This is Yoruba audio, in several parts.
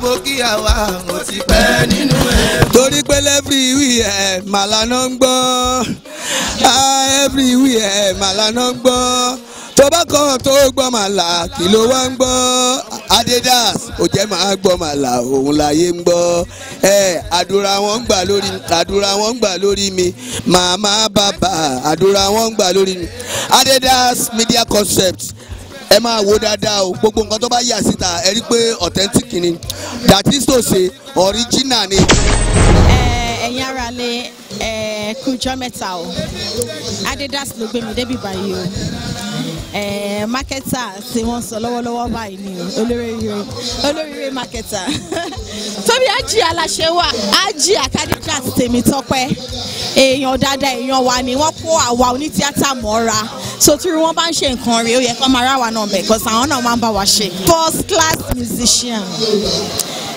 mo kí àwa mo ti pẹ́ nínú ẹ̀. torí pé everywhere màlánà ń gbọ́ ah, everywhere màlánà ń gbọ́ tó bá kàn tó gbọ́ màlà kí ló wá ń gbọ́ adidas ò jẹ́ máa gbọ́ màlà òun láyé ń gbọ́ ẹ àdúrà wọn ń gbà lórí àdúrà wọn ń gbà lórí mi màmá bàbá àdúrà wọn ń gbà lórí mi adidas media concept ẹ máa wo dáadáa o gbogbo nǹkan tó bá yà síta ẹ rí i pé authentic ni that is to say original ni. ẹ̀yin ara lè kújọ́ mẹ́ta o Adidas ló gbé mi débi báyìí o. Eh, mákẹ́tà tí wọ́n sọ lọ́wọ́lọ́wọ́ báyìí ni olóríire olóríire mákẹ́tà tóbi ájì aláṣẹ wà ájì àkádíjà tèmi tọpẹ́ èèyàn dáadáa èèyàn wa ni wọ́n kó àwa onítíátà mọ́ra so tí bá ń ṣe nǹkan rí ó yẹ kó máa rá wa náà bẹ̀ because àwọn náà máa ń bá wa ṣe first class musician.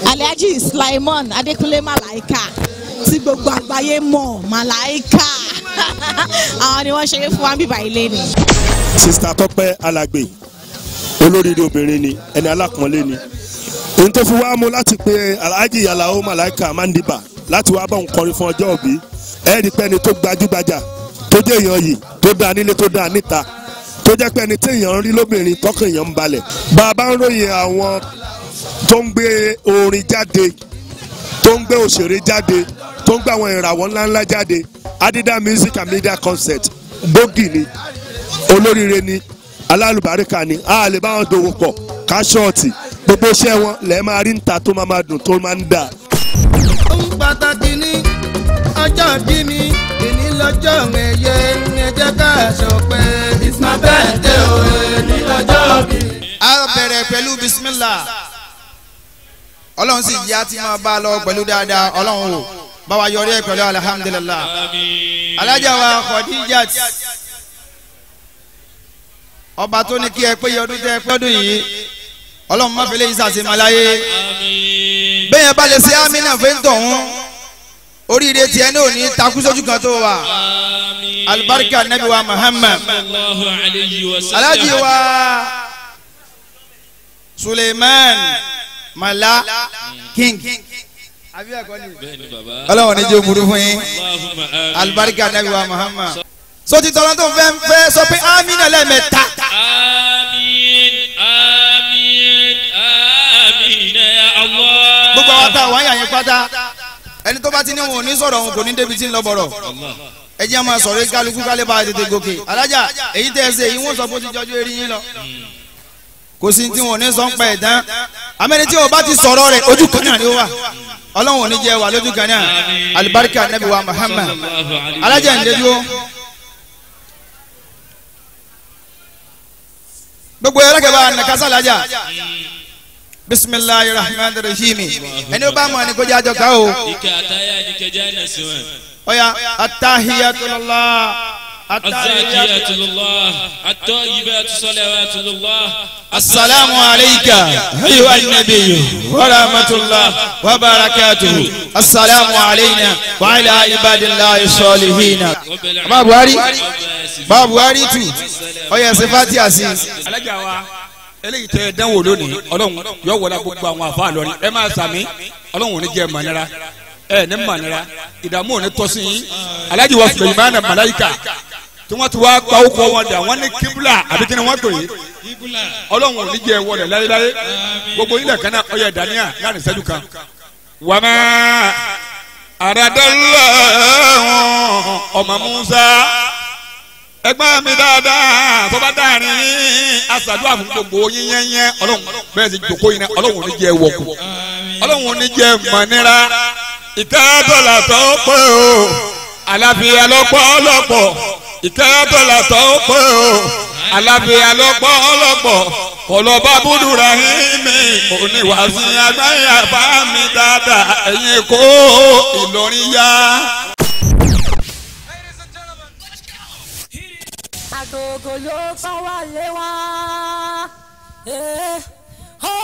Alhaji Sulaimon Adekunle Malaika tí gbogbo àgbáyé mọ̀ Malaika àwọn ni wọ́n ṣeré fún wa bíbá ilé ni. sista Tọ́pẹ́ Alàgbé olóríire obìnrin ni ẹni alákùnrin ni ohun tó fi wá mú láti pe Alhaji Alao Malaika Mandiba láti wá bá òun kọrin fún ọjọ́ òbí ẹ rí pé ẹni tó gbajúgbajà tó jẹ́ èèyàn yìí tó dáa nílé tó dáa níta tó jẹ́ pé ẹni tí rí lóbìnrin tọ́kàn èèyàn ń balẹ̀ bá ń ròyìn àwọn tó ń gbé orin jáde tó ń gbé òṣèré jáde tó ń gbé àwọn ìràwọ̀ ńláńlá jáde Adida music and media concert gbòógì ni olóríire ni alálùbáríkà ni a lè dòwò pọ̀ káṣọ́ọ̀tì gbogbo iṣẹ́ wọn lẹ́ẹ̀ máa rí níta tó máa dùn tó máa ń dà. ohun pàtàkì ni ọjọ́ bí mi èní lọ́jọ́ ẹ̀yẹ ẹ jẹ́ ká ṣọpẹ́ it's my birthday o oh, èní lọ́jọ́ bí. a bẹ̀rẹ̀ pẹ̀lú bismillah ọlọ́run sì jẹ́ àti máa bá a lọ pẹ̀lú dáadáa ọlọ́run o bá wa yọrí ẹ̀ pẹ̀lú alhamdulillah alájà wa Khadijat ọba tó ní kí ẹ pé ọdún tẹ pé ọdún yìí ọlọ́run má fi lè ṣàṣì máa láyé bẹ́ẹ̀ yẹn bá lè ṣe amínà fẹ́ tọ̀hún oríire tiẹ̀ náà ní takú sójú kan tó wà alibarika nabi wa Muhammad alájí wa Suleiman mala king ọlọ́wọ́n ní jẹ́ burú fún yín alibarika nabi wa muhammad so ti tọrọ tó fẹ́ fẹ́ sọ pé amina lẹ́mẹ̀ta. amin amin amina ya allah. gbogbo àwọn tá a wáyà yẹn pátá ẹni tó bá ti ní wọn ò ní sọ̀rọ̀ òun kò ní débi tí ń lọ bọ̀rọ̀ ẹ jẹ́ máa sọ̀rọ̀ kálukú kálẹ̀ bá a tètè gòkè alájà èyí tẹ́ ẹ ṣe wọ́n sọ fún ti jọjú eré yín lọ. Hmm kò sí tí wọn ò ní sọ ń pa ẹ̀ tán amẹ́ni tí o bá ti sọ̀rọ̀ rẹ̀ ojú kan náà ni ó wà ọlọ́run ò ní jẹ́ wà lójú kan náà alibarika nabi wa Muhammad alájà ń dédúró. gbogbo yẹrẹ kẹba nakasa lajà bisimilahi rahman rahim ẹni o bá mọ ni kojá jọ ká o. ọ̀ya atahiyatullah. الزاكيات لله الطيبات صلوات الله السلام عليك أيها النبي ورحمة الله وبركاته السلام علينا وعلى عباد الله الصالحين ما بواري ما بواري تو ọyẹ sefati asi. alájà wa eléyìí tẹ dánwò lónìí ọlọ́run yóò wọlé gbogbo àwọn àfa lọ́rin ẹ máa sàmì ọlọ́run ò ní jẹ́ mọ̀nira ẹ ní mọ̀nira ìdààmú ò ní tọ́sí yín alájì wa Suleimana Malayika tí wọ́n ti wá pa ókọ wọn dà wọ́n ní kíbúlà àbí kí ni wọ́n pè é ọlọ́run ò ní jẹ́ ẹ̀wọ́ rẹ̀ láyéláyé gbogbo ilẹ̀ kan náà ọyẹ dàníyà láàrin sẹ́jú kan. wàmẹ́ àràdọ́lọ́ ọmọ Musa ẹgbẹ́ mi dáadáa tó bá dáàrin aṣàdúrà fún gbogbo yín ọlọ́run bẹ́ẹ̀ sì jòkó yín náà ọlọ́run ò ní jẹ́ ẹ̀wọ̀ ọlọ́run ò ní jẹ́ mọ̀nira ìtẹ́tọ̀lá tó pé o àlàáfíà lọ́pọ̀lọpọ̀ ìkẹyàtọ̀là tó pẹ́ o alábẹ́ alọ́pọ̀ ọlọ́pọ̀ kọlọ́ba búdúrà mímì oníwàásí agbáyà bá mi dáadáa ẹ̀yin kó Ìlọrin yá. agogo ló kọ́ wálé wá eh,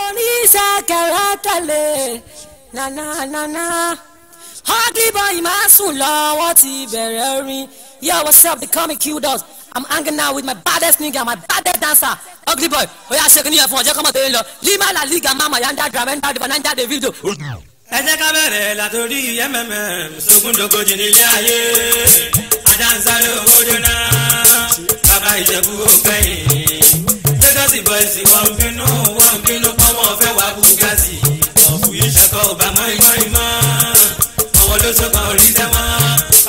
oníṣàkẹ́rẹ́ tẹ̀lé nananana. Na, na. Hardly by my sula, what very Yeah, what's up? The comic cute does. I'm hanging out with my baddest nigga, my baddest dancer, ugly boy. Oya ṣe kí ni ẹ̀fọn ọ̀jẹ̀ kọ́mọ̀ tẹ̀lé lọ. Lima la liga mama yanda dramenda diva nanja de video. Ẹ jẹ́ ká bẹ̀rẹ̀ látòrí MMM, sógun dògojì nílé ayé. Ajá ń sáré owó jóná, bàbá ìjẹ̀bú ó kẹ́yìn. Lagos boys wọ́n ń bínú, wọ́n ń bínú pọ́n wọ́n fẹ́ wá bú gáàsì. Ọ̀fù ìṣẹ̀kọ̀ ọ̀bà mọ́ olóṣù kan ò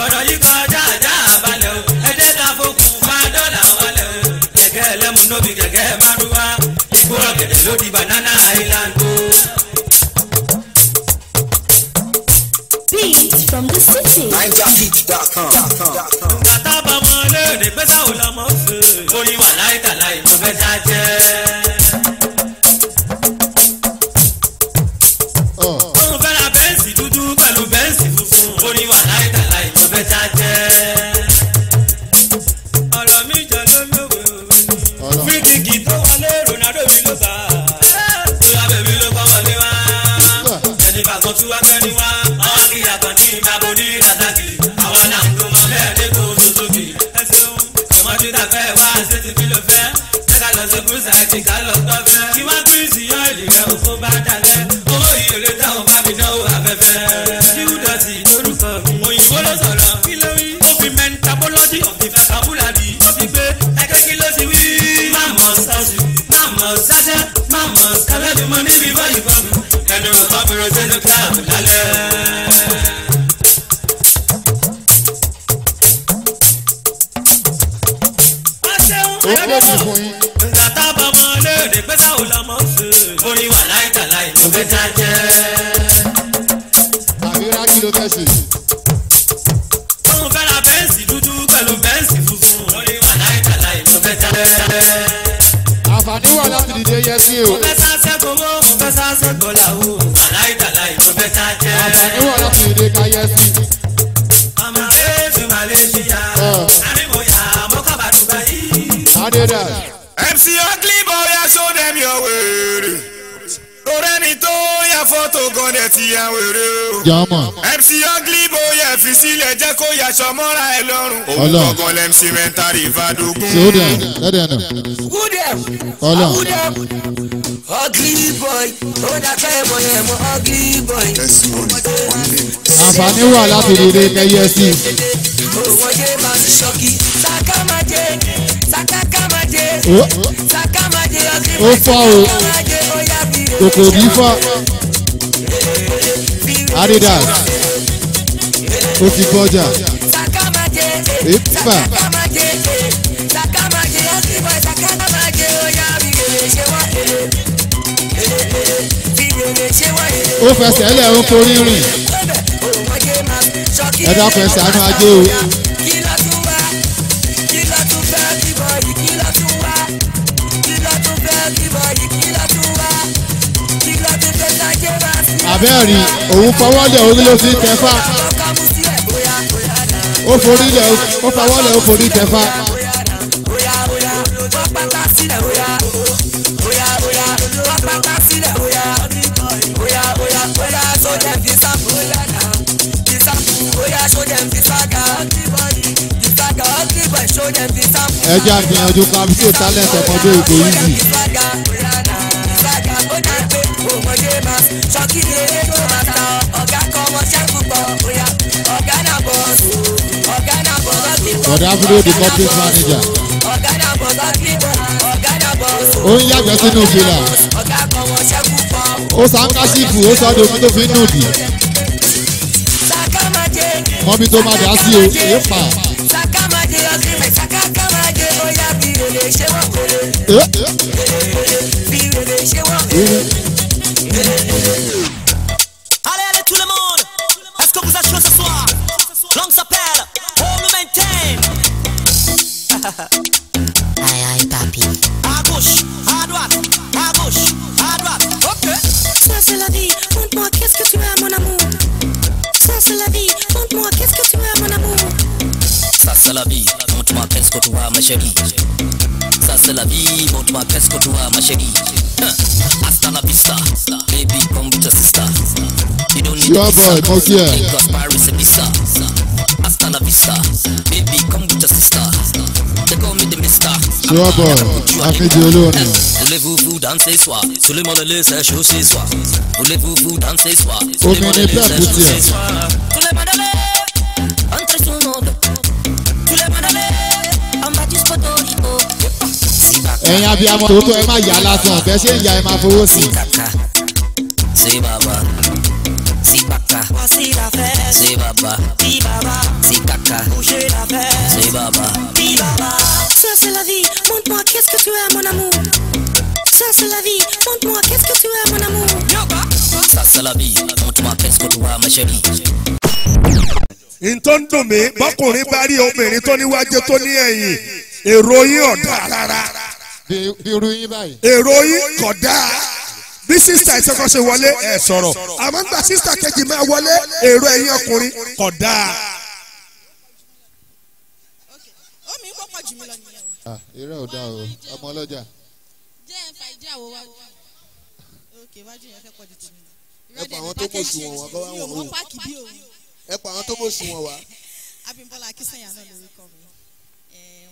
ọ̀rọ̀ yìí kọjá àjá àbálẹ̀ o ẹ̀jẹ̀ ká fokùn fa dọ́là wọlé o kẹ̀kẹ́ ẹlẹ́mu nóbi kẹ̀kẹ́ márúwá ìgbóra gẹ̀dẹ̀ ló di banana island o. beat from the city. NigerBeat.com. jàmọ́. mc ugly boy ẹ fi sílẹ̀ jẹ́ kó yàṣọ mọ́ra ẹ lọ́rùn. òun gbọ̀ngàn lẹ́m sìmẹ́ntàrì ìfàdógún. sódà lẹ́dẹ̀ nà. wúdẹ̀ ọlọ́. ugly boy ó dàgbà ẹ̀mọ́ ẹ̀mọ́ ugly boy. àǹfààní wà láti rere kẹyẹ sí i. òwòye máa ń ṣọ́kì sàkàmàjẹ sàkàkàmàjẹ sàkàmàjẹ ugly boy sàkàmàjẹ ó yá bí rẹ̀. kòkòrò bí fọ́. Adidas ó ti kọjá ipa. ó fẹsẹ̀ ẹlẹ́run forí rìn ẹ̀dá fẹsẹ̀ àánú ajé o. àbẹ́ẹ̀rí òun fọwọ́lẹ̀ orí ló fi tẹ̀fà ó forílẹ̀ ó fọwọ́lẹ̀ ó forí tẹ̀fà. ẹ jẹ́ àgbìyànjú ká bí ó tálẹ̀ tẹ̀kọ́ bí òkè yìí. Bọ̀dá Fúdó di corporate manager. Ó ń yàgbẹ́ sínú fìlà. Ó sáńkásìkù ó sọ́dọ̀ omi tó fi ń nùdì. Mọ́bí tó máa dá sí o, èèpà. Sàkámàjẹ ọ̀sìn mi, sàkákàmàjẹ ó yá bí olè ṣé wọ́n kò lè. Sure boy, mo kí ẹ. Sure boy, Akeji olóòní. Voulez-vous danser soir? Sous le monde le sèche aussi soir. Voulez-vous danser soir? Omi ni bẹ́ẹ̀ kú tiẹ̀. Ẹ̀yin abiyamọ tòótọ́ ẹ má yà á lásán, bẹ́ẹ̀ ṣe ń yà ẹ má fowó sí. ṣẹlẹ̀. n tó ń dùn mí bọ́kùnrin bá rí obìnrin tó níwájú tó ní ẹ̀yìn èrò yín ọ̀dà rárá. èrò yín báyìí. èrò yín kódà bí sísítà ìṣẹ́kọ̀ ṣe wọlé ẹ̀ sọ̀rọ̀ àmọ́ nígbà sísítà kejì máa wọlé èrò ẹ̀yìn ọkùnrin kódà. omi o. eré ah, ò dá o ọmọ ọlọ́jà. jẹ́ ẹ̀ fa ìjà wo wá wá. òkè wájú yẹn fẹ́ pọ̀ jù tèmi ẹ pa àwọn tó mọ̀ sùn wọn wá kọ́ wá wọn wò ẹ pa àwọn tó mọ̀ sùn wọn wá. Abímbọ́lá Akínsànyà náà lórúkọ mi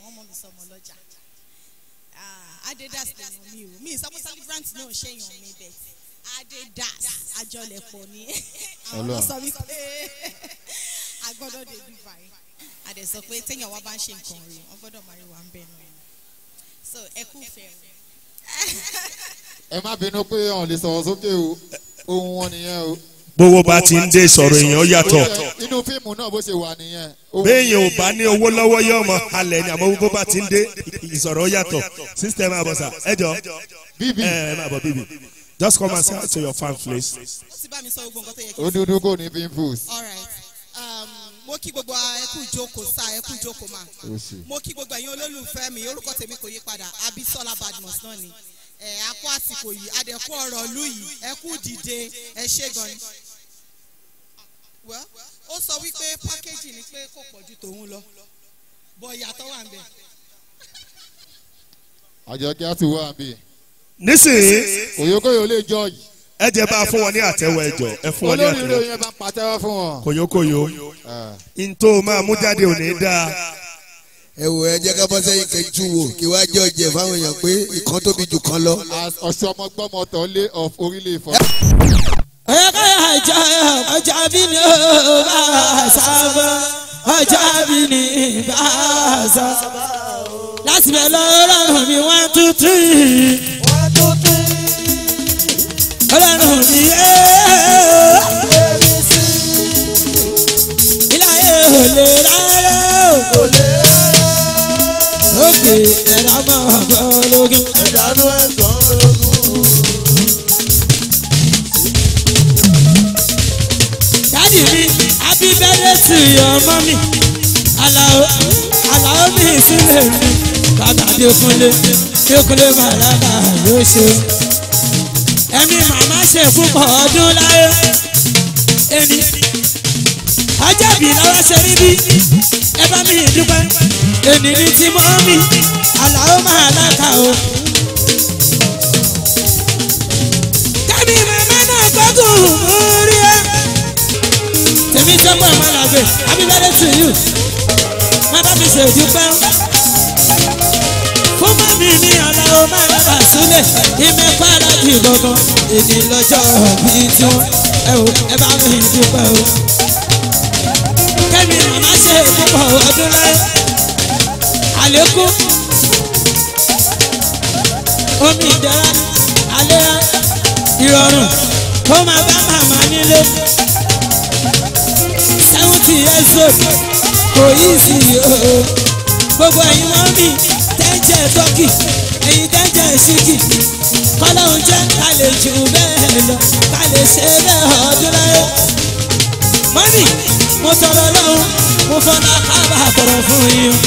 wọ́n mọ̀ mi sọmọ lọ́jà Adedas ni mo mi o mi ìsọmọ celebrant náà ṣẹ́yìn mi bẹ̀ Adedas àjọlẹ̀pọ̀ ni àwọn náà sọ mi pé agbọ́dọ̀ dé Dubai àdẹ sọ pé téèyàn wá bá ń ṣe nǹkan rè wọ́n gbọ́dọ̀ máa rí wa ń bẹ̀ nù ẹ̀ so ẹ kú fẹ́ o. ẹ má bínú pé ọ̀n lè sọ̀rọ̀ sókè o ohun wọn nìyẹn o bówó bá ti ń dé sọ̀rọ̀ èèyàn yàtọ̀. inú fíìmù náà bó ṣe wà nìyẹn. béèyàn ò bá ní owó lọ́wọ́ yóò mọ halẹ̀ ni àmọ́ bó bá ti ń dé ìsọ̀rọ̀ yàtọ̀ sísítẹ́mù àbọ̀sà ẹ ẹ má bọ̀ bíbí just come and sit to your fan place. òdúdú kò ní pimples. Um, mo kí gbogbo ẹkú ìjókòó sá ẹkú ìjókòó mà mo kí gbogbo ẹ̀yin olólùfẹ́ mi orúkọ tèmi kò yí padà Abisola Badmus náà ni ẹ akọ àsìkò yìí adẹ̀kú ọ̀rọ̀ ìlú yìí ẹ kú dìde ẹ ṣe gan ni. ó sọ wípé pákéjì ni pé kò pọ̀ ju tòun lọ bọ̀ ìyàtọ̀ wà ń bẹ̀. àjọkẹ́ á ti wá àmì. nísìnyí. òyìnbóyò lè jọ yìí. ẹ jẹ́ bá a fún wọn ní àtẹ́wọ́ ẹjọ́ ẹ fún wọn ní àtẹ́wọ́. olórí ìròyìn bá ń fún wọn. kòyókòyó ah. ntó máa mú jáde òní dáa ẹ wò ẹ jẹ́ ká bọ́ sẹ́yìn kẹjú wò kí wàá jẹ́ ọ̀jẹ̀ fáwọn èèyàn pé ìkan tóbi jù kan lọ. ọ̀sẹ̀ ọmọ gbọ́mọ tán lé orílẹ̀ Ifọ̀. ọ̀yọ́ká àjọ ọjà bí ní bá sábà ọjà bí ní bá a láti bẹ̀ lọ́rọ̀ mi wá tútù yìí. ọlọ́run mi yé. olè rárá o òkè ẹ̀dá máa gbọ́ lógún. ẹ̀dá ló ẹ̀ gbọ́ lógún. dádì mi happy birthday to your mommy Alao Alao mi ìsúlẹ̀ mi bàbá Adékúnlé Adékúnlé bàlábà ló ṣe. ẹ̀mí màmá ṣe púpọ̀ ọdún láyé. ẹni ọjọ́ ìbí lọ́wọ́ ṣe rí bí ẹ bá mi dúpẹ́ èmi ní ti mọ́ mi àlàó máa láta o. kẹ́mi màmá náà gbọ́gùn mú rí ẹ. tèmi sọ́kọ̀ ẹ̀ máa làgbé happy birthday to you má bá mi ṣèdúpẹ́ fún mọ́mí mi àlàó máa láta sílẹ̀ ìmẹ̀ padà di gbọ̀ngàn èmi lọ́jọ́ bíi tí wọ́n ẹ ò ẹ bá mi dúpẹ́ o. kẹ́mi màmá ṣe púpọ̀ ọdún láyé àlékún omi ìdára àlera ìrọ̀rùn kó máa bá màmá nílé seventy years old kò yí sí o gbogbo ẹ̀yin wọ́n mi tẹ́jẹ̀ tọ́kì ẹ̀yin tẹ́jẹ̀ ṣíkì kọ́lọ́hún jẹ́ ká lè jù bẹ́ẹ̀ lọ ká lè ṣe bẹ́ẹ̀ ọdún láyé mọ́mì mo tọrọ lọ́hún mo fọ́nà kábà tọrọ fún yín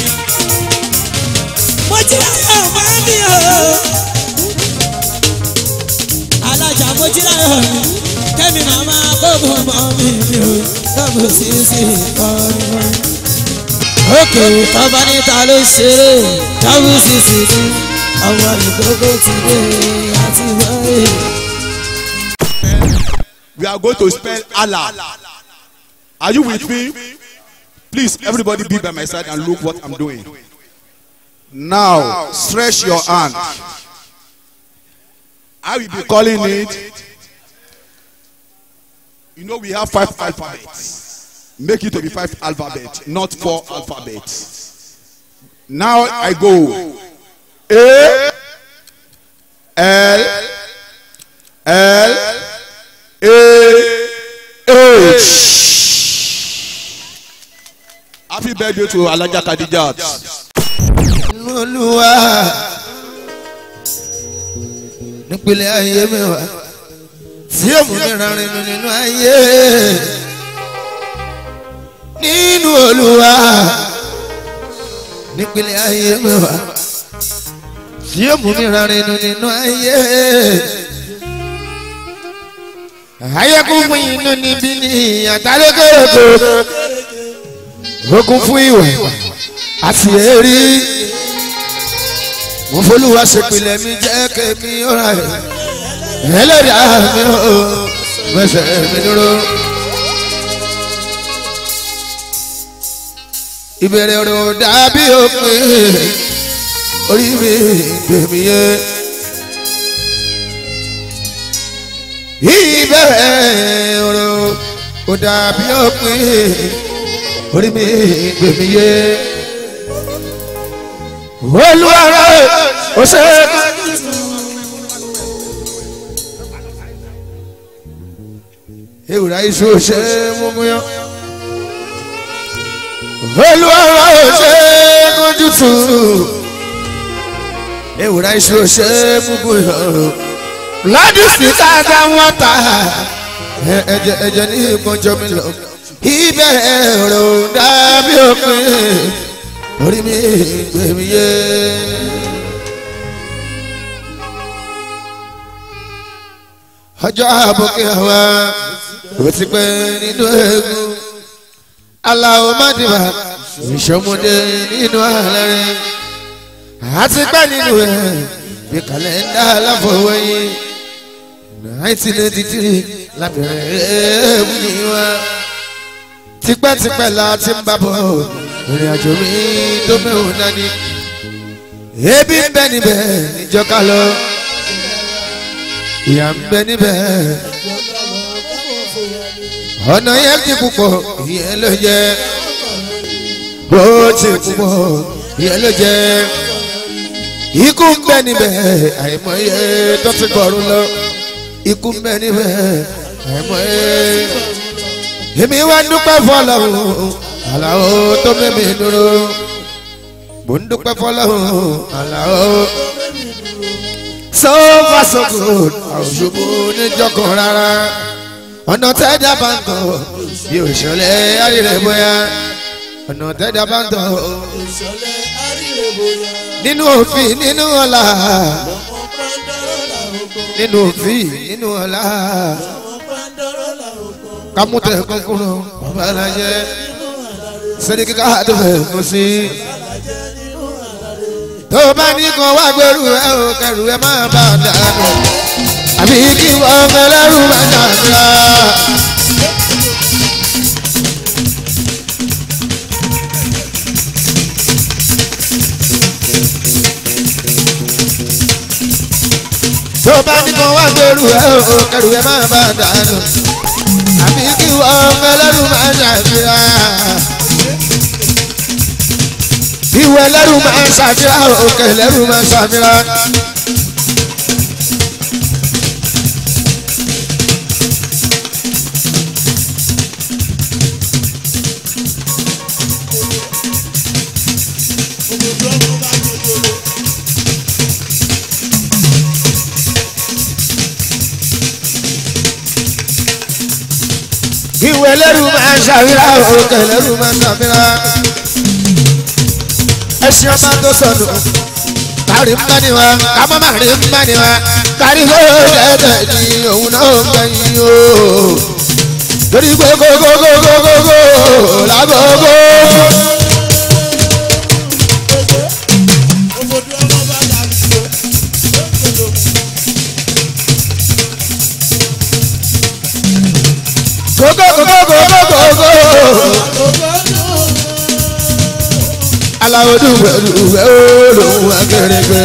mo jí láyọ̀ ọmọ ló ṣeré kọ́mù sí sí ní ọmọ ìgbógbó ti dé àti wọ́ọ̀rẹ́. We are going to spell Allah. Are you with me? Please, everybody be by my side and look what I'm doing. Now stretch your hand. I will be calling it. You know we have five alphabets. Make it to be five alphabets, not four alphabets. Now I go. A L L A H. Happy birthday to Alaja Kadijat olúwa nípele ayé mi wá tí òmìnira rìn nínú ayé nínú olúwa nípele ayé mi wá tí òmìnira rìn nínú ayé ayẹ́kùn fún inú níbí ni àtàlẹ́kọ̀ọ́kọ̀ okùn fún ìwẹ̀ àti èrí mo folúwa ṣèpìlẹ̀ mi jẹ́ kẹ́mi ọ̀rá ẹ̀ ẹlẹ́rìí àmì ò mẹsẹ̀ mi dúró. ìbẹ̀rẹ̀ rò dàbí òpin orí mi gbèmí yé. ìbẹ̀rẹ̀ rò dàbí òpin orí mi gbèmí yé olùwàrà ọ̀sẹ̀. ewúrẹ́ iṣu ṣe múmúyán. olùwàrà ọ̀sẹ̀ kọjútù. ewúrẹ́ iṣu ṣe múmúyán. ládùsí tààtà wọn ta. ẹ̀jẹ̀ ẹ̀jẹ̀ ní ìbọn jọ mi lọ. ibẹ̀ ẹ̀rọ dàbí òpin orí mi gbé mi yé. ọjọ́ àbòkè àwa ò ti pẹ́ nínú eégún aláwọ̀ mádìbà ìṣọ́mọdé nínú àlẹ́ rẹ̀ àti pẹ́ nínú ẹ̀ bí kàlẹ́ndà aláfọwọ́ yìí nineteen eighty three lábẹ́rẹ́ eégún ni wá tipẹ́tipẹ́ la ti ń bá bọ̀ ọ́ ìrìn àjò mi tó mẹ́wòó náà ni ebi ń bẹ níbẹ̀ níjọ́ ká lọ ìyà ń bẹ níbẹ̀ ọ̀nà yẹn ti púpọ̀ ìyẹn ló jẹ́ bó ti púpọ̀ ìyẹn ló jẹ́ ikú ń bẹ níbẹ̀ àìmọye tó ti gbọ̀rún lọ ikú ń bẹ níbẹ̀ àìmọye èmi wá dúpẹ́ fọlọ́run. Àlàó tó mímí dúró mo ń dúpẹ́ fọlọ́hún Àlàó so far so good àwòṣubú níjọkọ̀ rárá ọ̀nà tẹ́jà bá ń tọ̀ bí òṣèlè àríre bóyá ọ̀nà tẹ́jà bá ń tọ̀ nínú òfin nínú ọ̀la nínú òfin nínú ọ̀la kámútẹ̀ kọ́kúrú ọ̀bàlàyé sẹ́ni kíkà tó fẹ́ kún sí. tó bá ní kan wá gbẹrù ẹ ò kẹrù ẹ má bà dànù àbí kí wọ́n fẹ́ lẹ́rù bá dànù. tó bá ní kan wá gbèrú ẹ ò kẹrù ẹ má bàa dànù àbí kí wọ́n fẹ́ lẹ́rù má ṣàfihàn. ìwọ ẹlẹ́rù máa ń ṣàfihàn òkè ẹlẹ́rù máa ń ṣàfihàn. ìwọ ẹlẹ́rù máa ń ṣàfihàn òkè ẹlẹ́rù máa ń ṣàfihàn. ẹṣin ọba tó sọnù kárí ń bá ní wa kámọ́ máa rí ń bá ní wa kárí kó dẹ́dẹ̀ ní òun náà ń bẹ yín o aláwọ̀ dùgbẹ̀ dùgbẹ̀ ó lòun wá kérépé.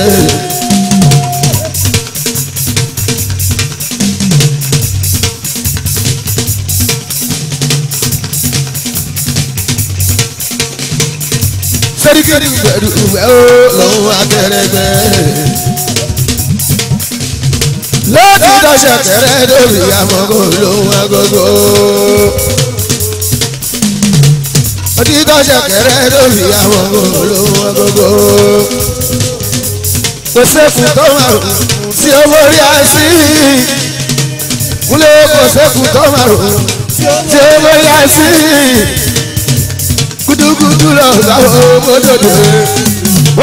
sẹ́ríkì dùgbẹ̀ dùgbẹ̀ ó lòun wá kérépé. láti dọ́ṣẹ̀ kẹrẹ́ lórí àmọ́kò lòun wá òtítọ́ ṣẹ̀kẹ̀rẹ́ lórí àwọn olówó gbogbo. kò sẹ́kù tó máa rò sí owó rí àìsí. kúlẹ̀ kò sẹ́kù tó máa rò sí owó rí àìsí. gudugudu lọ sáwọ́ mọ́tòdè.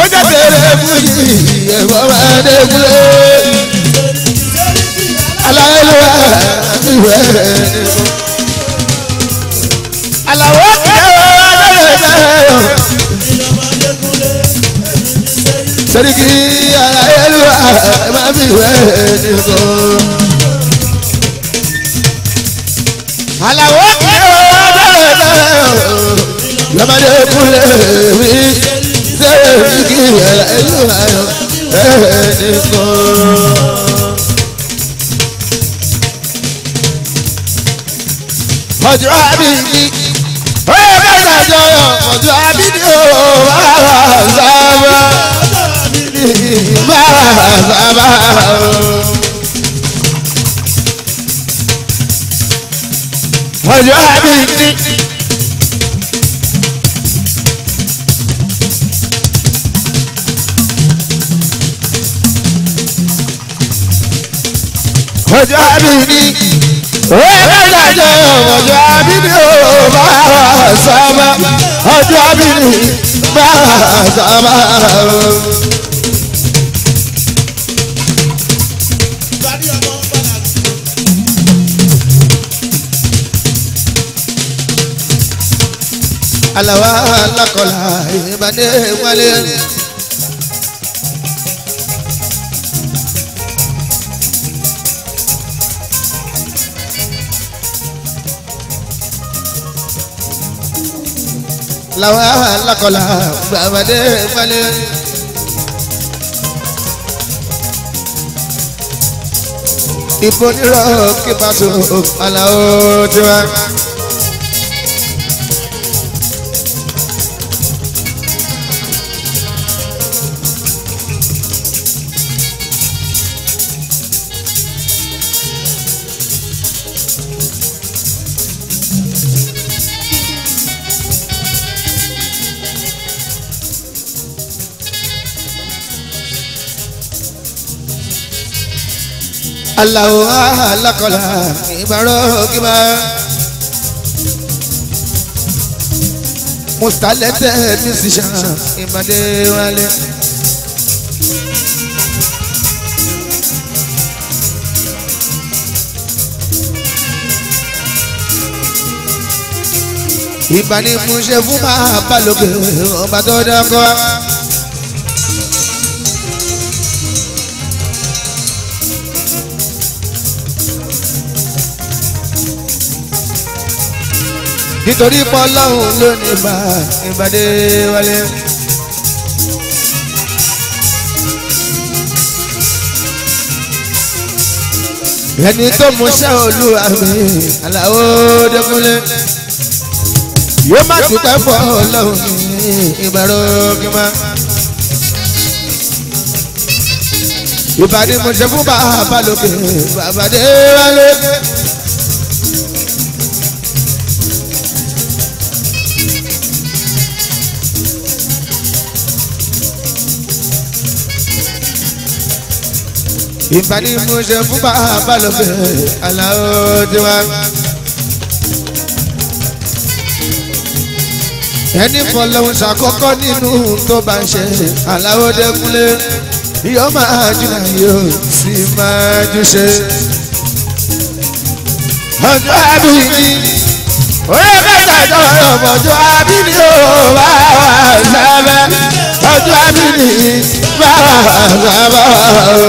ó jáde rẹ̀ fún yìí ẹ̀fọ́ o sẹ́ríkì aláyélúwà má fi wẹ́ ní kọ́. àlàwọ̀ kí ó bẹ̀rẹ̀ lọ́mọdé kúlẹ̀ mi sẹ́ríkì aláyélúwà bẹ́ẹ̀ ní kọ́. ọjọ́ àbí yìí àjọyọ̀ mọ̀jú àbídí o bàbá sábà bàbá sábà o. mọ̀jú àbídí. mọ̀jú Onídàájọ́ ọjọ́ àbíní ò bá sábà ọjọ́ àbíní bá sábà. Àlàwà alákọ̀ọ́lá ìbàdí wálé. làwọn alákọ̀lá gbàmọ́dé falẹ̀. ìbò nírọ̀ kí bá tó àlàó tiwa. aláwọ̀ alákọ̀lá ìbárò kíbá. mustalẹ́tẹ̀ musician ìmọ̀dé wálé. ìbánimúṣe fún máa bá lókè ọba tó dákọ́. nítorí pọ́ lọ́hùn ló ní bá ìbàdé wálé. ẹni tó mú ṣẹ́ olúwa mi aláwo dẹ́kunlé yóò má dúpẹ́ fọ́ ọlọ́run ní ìbàrò kíma. ìbàdí mo ṣe fún bàbá lókè bàbá dé wálé. ìpàdé mo ṣe fún bàbá lọ́bẹ̀ aláwọ̀ tiwa. ẹni fọlọ́hún ṣàkọ́kọ́ nínú tó bá ń ṣe aláwọ̀ dẹ́kunlé yóò máa jùlọ yóò sì máa jù ṣe. ọjọ́ àbíyí oye mẹ́tàjọ́ ọmọ ọjọ́ àbíyí ó wà wá sábẹ́ ọjọ́ àbíyí bá bàbá o.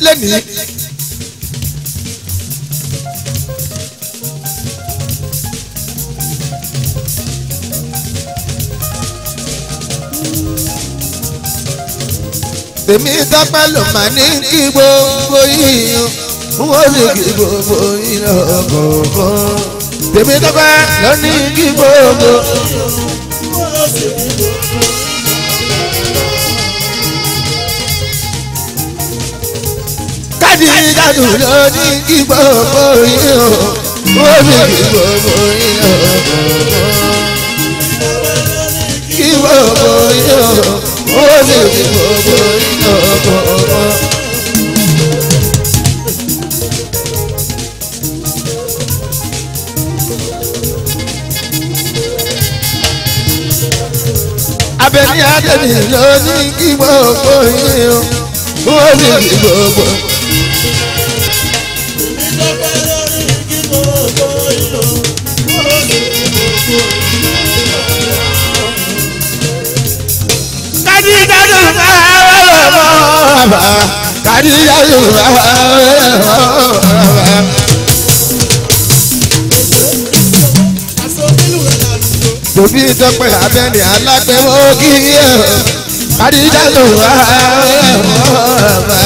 lẹ́nìí tèmi tọ́pẹ́ ló mà ní kí gbogbo yìí fún òsì kí gbogbo iná kọ̀ọ̀kan. tèmi tọ́pẹ́ lónìí kí gbogbo. káàdì ìdádù lónìí kí gbogbo iná fún òsì kí gbogbo iná kọ̀ọ̀kan. kí gbogbo iná fún òsì kí gbogbo iná kọ̀ọ̀kan. Abẹ́ní Adẹ́mi ló ní kí gbogbo yín o ó ní kí gbogbo. Kàdíjà ló ń bá wẹ́rẹ̀ mọ́ bàbá. Kàdíjà ló ń bá wẹ́rẹ̀ mọ́ bàbá. tóbi tọpẹ́ abẹ́ni alátẹ̀wọ́ kí ẹ àdìjà tó wà ọ̀bà.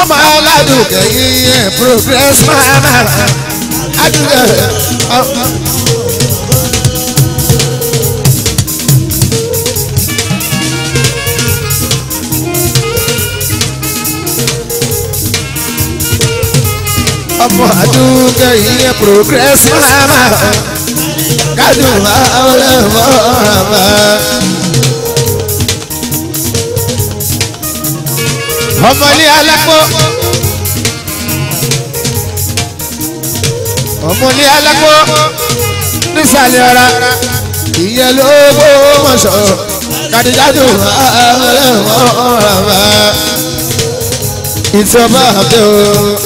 ọmọ aládùn kẹ́yìn progress man àdúgbò. ọmọ àdúgbẹ́ ìyẹn progress mama kádùn ọlọ́mọ ọmọ. ọmọ ní alápò ọmọ ní alápò nísàlẹ̀ ọ̀ra ìyẹn ló gbó mọ̀ṣọ́ kàdíjádùn ọlọ́mọ ọmọ ìtọ́ba àbẹ́ o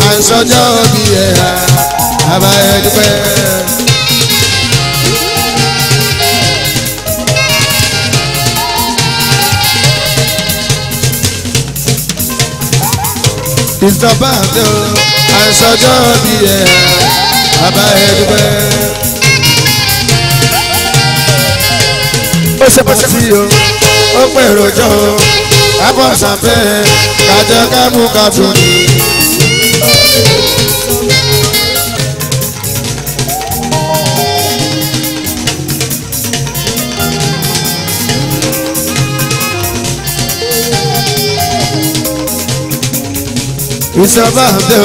àìsọjọ́ òbí ẹ̀ àbá ẹ̀ dúpẹ́. ìtọ́ba àbẹ́ o àìsọjọ́ òbí ẹ̀ àbá ẹ̀ dúpẹ́. ó ṣe pàtàkì o ó pẹ̀rọ jọ o kábọ̀ sàpẹ́ kájọ kábù kábù ni. ìṣọba àbẹ̀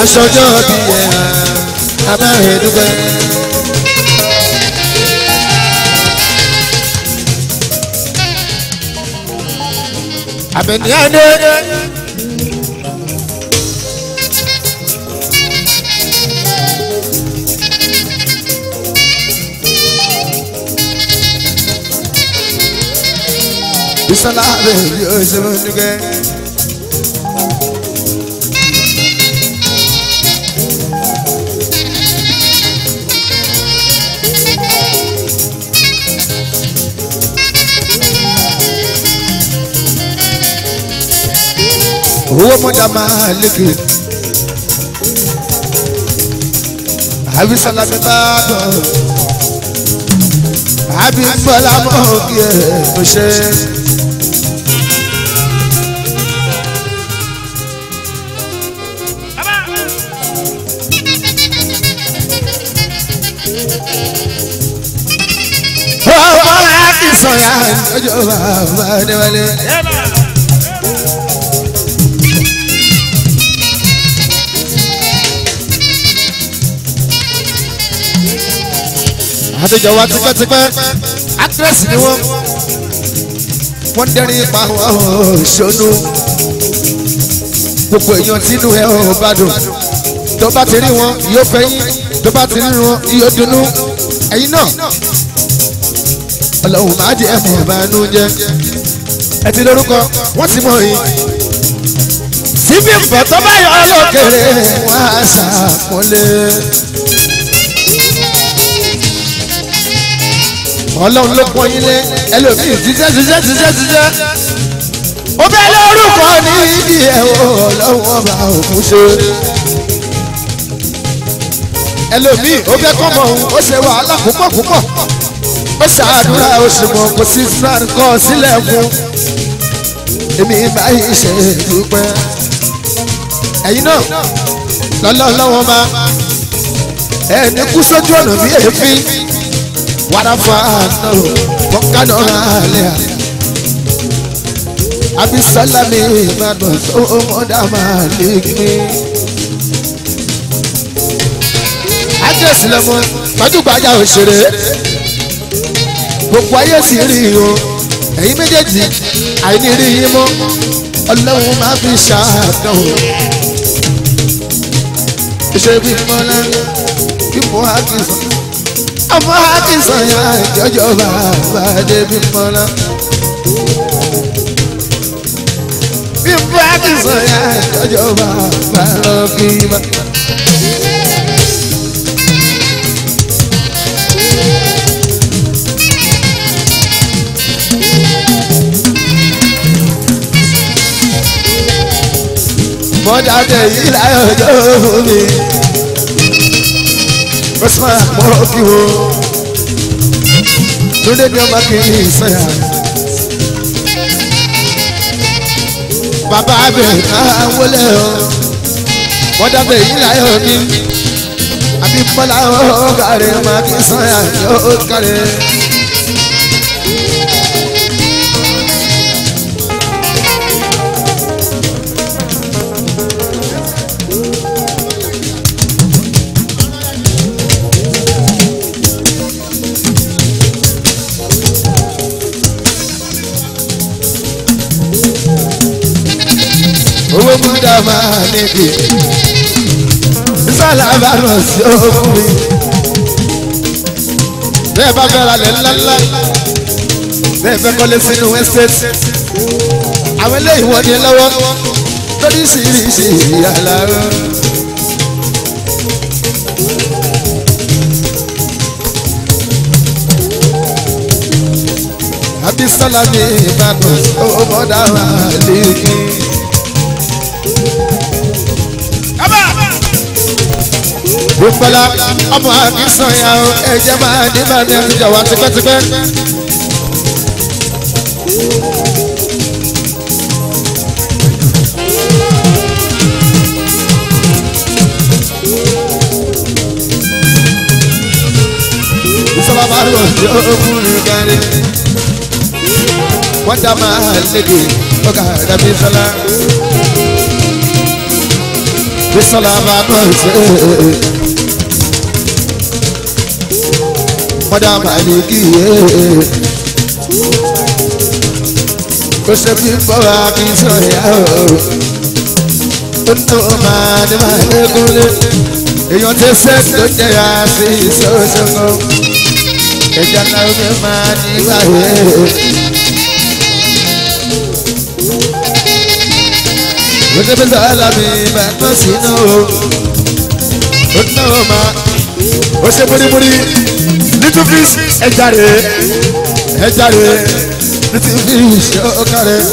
aṣọjọ́ bíi ẹ̀ abẹ́rẹ́ dúpẹ́. Àbẹ̀ní Adé. Bisola Abẹ̀ní Oṣemọ́dúkẹ́. owó mọ́dà máa lékè. àbí sálámi bá bọ̀ àbí bọ́lá mọ́ kí ẹ tó ṣe. Ọwọ́ láti sọ̀yà lọ́jọ́ bàbá níwájú. àtijọ́ wa tipẹ́tipẹ́ actress ni wọ́n wọ́n dẹ́rìn ipa wọn ṣonú gbogbo èèyàn tínú ẹ̀ ò bá dùn tó bá ti rí wọn yóò fẹ́yìn tó bá ti rí wọn yóò dunnú ẹ̀yin náà ọlọ́run máa jẹ́ ẹ̀mọ́ ìbànújẹ́ ẹ ti lórúkọ wọ́n ti mọ̀ yín síbí nǹkan tó bá yọ ọ́ lókèrè wọ́n á ṣàkólé. ọlọ́run ló pọ́n yín lé ẹlòmíì ṣiṣẹ́ ṣiṣẹ́ ṣiṣẹ́ ṣiṣẹ́ ó bẹ́ lórúkọ ní ìdí ẹ̀ ọlọ́run ọba òkun ṣe ẹlòmíì ó fẹ́ kọ́mọ òun ó ṣe wàhálà púpọ̀ púpọ̀ ó ṣàdúrà ó ṣùgbọ́n kò sí fran kọ́ sílẹ̀ fún èmi báyìí ṣe dúpẹ́ ẹ̀yin náà lọ́lọ́lọ́wọ́ máa ẹni kú sójú ọ̀nà bí èéfín warafano kọkadọra alẹ abisalami ìbàdàn tó mọdàmà lẹgbẹ. ajẹsí lọmọ gbajúgbajà òṣèré gbogbo ayé sì rí i o ẹ̀yin méjèèjì àìní rí i mọ́ ọlọ́run máa fi ṣàdánwò. ìṣègùn ìmọ̀lá bí mo á kì sọ ọmọ àti sànyà ìjọjọ bàbá débi mọ́lá. bíbá àti sànyà ìjọjọ bàbá lọ kí má. mọ́jà tẹ̀yí láyọ̀ ọjọ́ fún mi. Basma Morokio Tunde Dama Kini Saya Bàbá mi awole o Bọ́dá mi ìlàyọ̀ mi Àbí Bọ́lá o kàrẹ́ Màkì Sanya yóò kàrẹ́. níbi sísá làbàrò sí òkú mi bẹ́ẹ̀ bá fẹ́ ra lẹ̀ ńláńlá bẹ́ẹ̀ fẹ́ kọ́lé sínú ẹ́sẹ̀tì àwọn eléyìí wọ́n ní lọ́wọ́ lóríṣiríṣi ìyàláró. Abisalami Ibadan, ó mọ̀ dára lẹ́yìn. bùfẹ́lá ọmọ akínsọ̀yà ẹ̀jẹ̀ máa ní máa ní ẹ̀jẹ̀ wá tipẹ́tipẹ́. sọ́ba bá lọ sí ọkùnrin kárí. wọ́n dá máa lédè ọ̀gá dàbí sọ́lá. bí sọ́lá bá lọ sí ọkùnrin kárí. mọ́dà màlìkì yéé. ó ṣe fi fọ́ra kí sọ̀yà o. ó ń tó máa ní máa lékún lé. èèyàn ti sẹ́ẹ̀ tó jẹ́ra sí ìṣòṣòkò. ẹ̀jẹ̀ náà ó fi máa nígbà yéé. Ojúbísọ̀ alábì bàtọ́ sínú o. Ó máa ó ṣe múrímúrí little fish ẹ̀járe ẹ̀járe little fish ọ̀kàrẹ̀.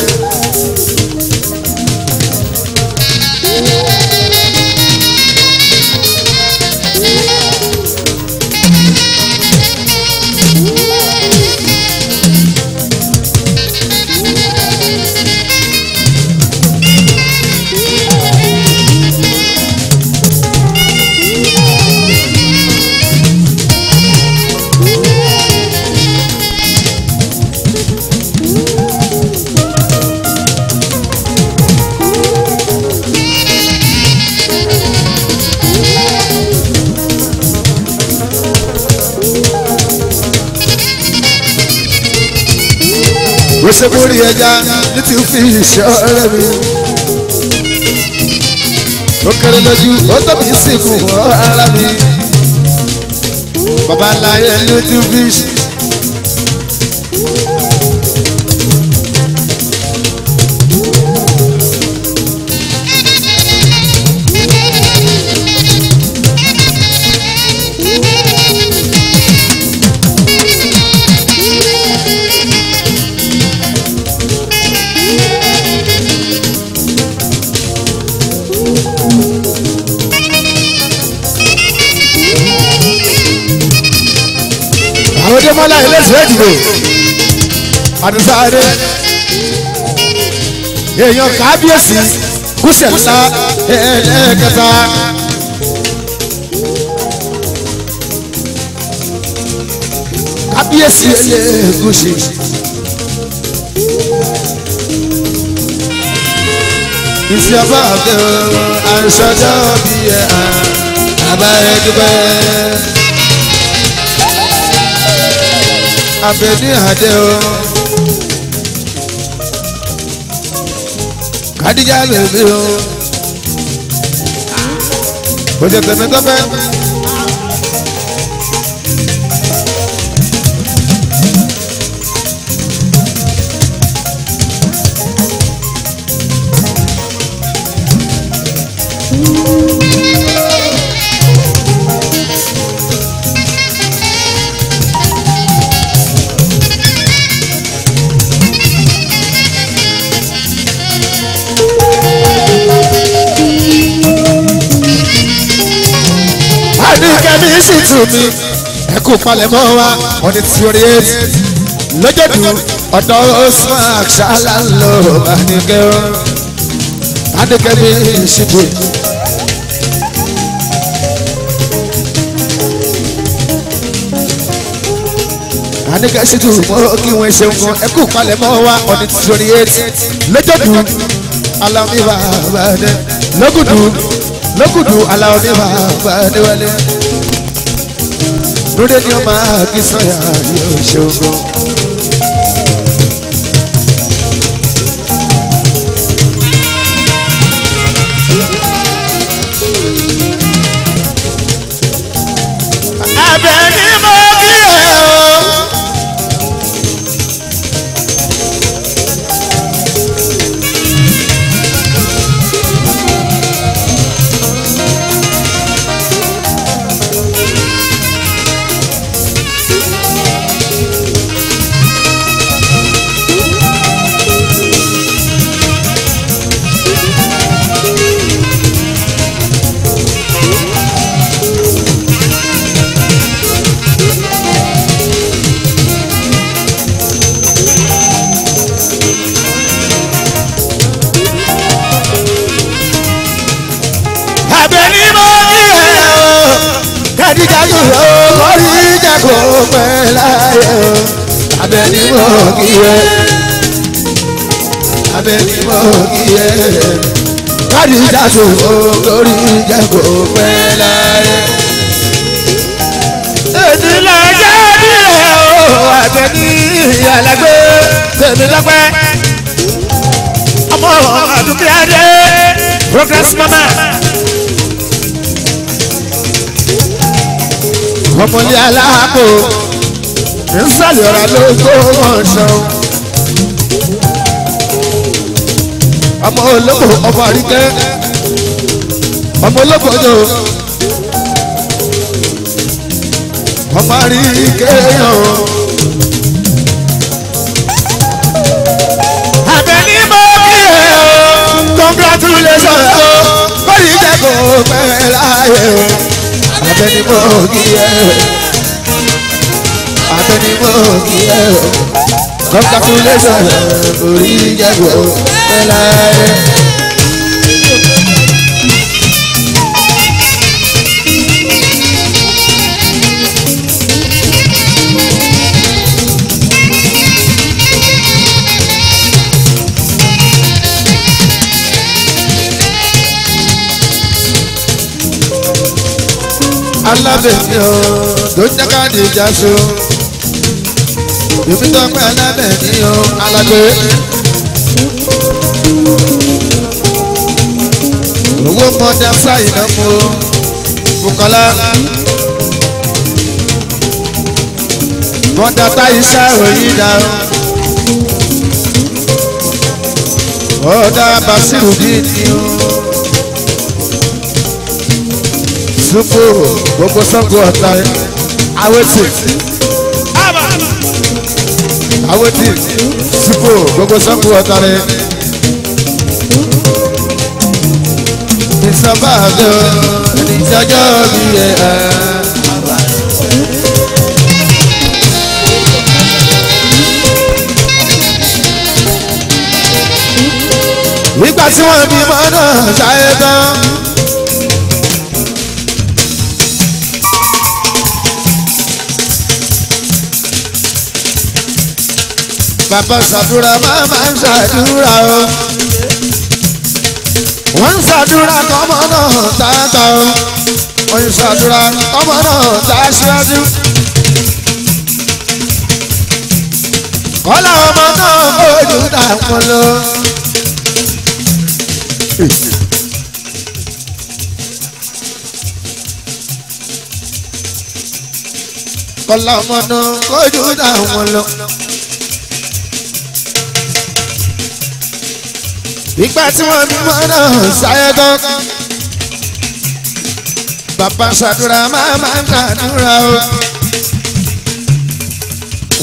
ó ṣe borí ẹja ní ti fi ìṣọ́ rẹ̀ mi. ó kéré lójú ó tóbi sí ikùn ọ̀rá mi. bàbá ńlá yẹn ní ti fi ìṣọ́. àwọn Démọ́lá ẹlẹ́sìn ìdìbò àdùsáre èèyàn kábíyèsí kùsẹ̀lá ẹ̀ẹ́dẹ́gbẹ̀ta. kábíyèsí ẹlẹ́gùsì. ìṣèjọba àbẹ̀wò àìsọjọ́ bíi ẹ̀ àbá ẹ̀dúgbẹ́. àbẹ̀dí àdé o. kàdíjà lè mi o. kò jẹ tẹ̀mí tó fẹ́. Kẹ́mi sì tù mí ẹ kú palẹ̀mọ́ wa on the twenty eight lọ́jọ́dù ọ̀dọ́ Usman Shala ló máa ní kẹ́rọ adékẹ́mi sì tù mí. anigasitu mo kí wọn ṣe nǹkan ẹkú palẹ̀mọ́ wa on the twenty eight lọ́jọ́dù alámi bàbá dé lọ́gùdù lọ́gùdù alámi bàbá dé wálé lórí ni ọmọ àgbésọ̀yà yóò ṣògo. ṣòwò lórí jẹ́ kó pẹ́ láyé. èdè lọ́jọ́ nílẹ̀ o àtẹ̀ní alágbé tèmi lọ́pẹ́. ọmọ àdúgbò adé progress mama. ọmọlé aláàbò nsàlẹ̀ ọ̀rá ló kó wọn ṣan. ọmọ olóko ọmọ àríkẹ́ ọmọ olókojó ọmọ àríkèéyàn. àbẹ̀ní mo kí ẹ o congratulation ẹ o bóyá ìjẹ́ kò pẹ́ láàyè o àbẹ̀ní mo kí ẹ àbẹ̀ní mo kí congratulation ẹ o bóyá pẹ́ láàyè. alábẹ̀sí o tó jẹ́ káàdì ìjà so èmi tó pẹ́ alábẹ̀sí o alágbé. owó mọ́dá sáyìn náà mo Bùkọ́lá mọ́dá táyì sáyìn náà ọ̀dà Basiru bíi ni o. Supo, gbogbo Ṣàngó ọ̀tá ẹ̀ awẹ́tì awẹ́tì Zumbo gbogbo Ṣàngó ọ̀tá ẹ̀. Ìsọ̀bà lọ ìjọjọ́ mi ẹ̀ ẹ́. nígbà tí wọ́n bí mọ́ ṣáyé tán. Papa ṣàdúrà màmá ń ṣàdúrà o wọ́n ń ṣàdúrà kọ́mọ náà tààtà o wọ́n ń ṣàdúrà kọ́mọ náà tàà síwájú. kọ́lá ọmọ náà fojú dàpọ̀ lọ. kọ́lá ọmọ náà fojú ìgbà tí wọ́n ní wọ́n náà sáyẹ́ gan. bàbá ṣàdúrà máa máa ń gbàdúrà o.